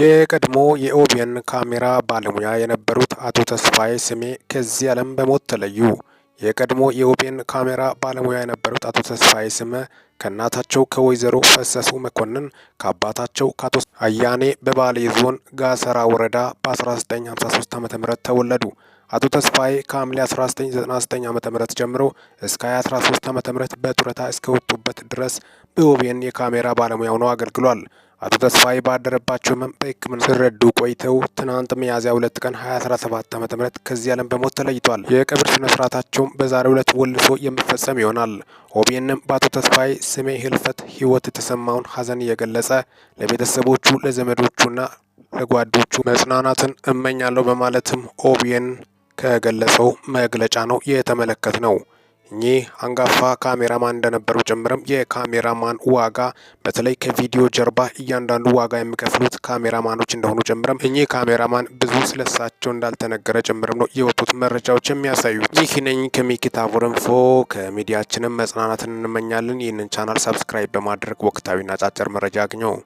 የቀድሞ የኦቢኤን ካሜራ ባለሙያ የነበሩት አቶ ተስፋዬ ስሜ ከዚህ ዓለም በሞት ተለዩ። የቀድሞ የኦቢኤን ካሜራ ባለሙያ የነበሩት አቶ ተስፋዬ ስሜ ከእናታቸው ከወይዘሮ ፈሰሱ መኮንን ከአባታቸው ከአቶ አያኔ በባሌ ዞን ጋሰራ ወረዳ በ1953 ዓ ም ተወለዱ። አቶ ተስፋዬ ከሐምሌ 1999 ዓ ም ጀምሮ እስከ 2013 ዓ ም በጡረታ እስከወጡበት ድረስ በኦቢኤን የካሜራ ባለሙያ ሆነው አገልግሏል። አቶ ተስፋዬ ባደረባቸው ህመም በህክምና ሲረዱ ቆይተው ትናንት ሚያዝያ ሁለት ቀን 2017 ዓ ም ከዚህ ዓለም በሞት ተለይቷል። የቀብር ስነ ስርዓታቸውም በዛሬው ዕለት ወልሶ የሚፈጸም ይሆናል። ኦቢኤንም በአቶ ተስፋዬ ስሜ ህልፈት ህይወት የተሰማውን ሀዘን እየገለጸ ለቤተሰቦቹ ለዘመዶቹና ለጓዶቹ መጽናናትን እመኛለሁ በማለትም ኦቢኤን ከገለጸው መግለጫ ነው የተመለከት ነው። እኚህ አንጋፋ ካሜራማን እንደነበሩ ጭምርም የካሜራማን ዋጋ በተለይ ከቪዲዮ ጀርባ እያንዳንዱ ዋጋ የሚከፍሉት ካሜራማኖች እንደሆኑ ጭምርም እኚህ ካሜራማን ብዙ ስለሳቸው እንዳልተነገረ ጭምርም ነው የወጡት መረጃዎች የሚያሳዩት። ይህ ነኝ ከሚኪታቡር ኢንፎ ከሚዲያችንም መጽናናትን እንመኛለን። ይህንን ቻናል ሰብስክራይብ በማድረግ ወቅታዊና አጫጭር መረጃ አግኘው።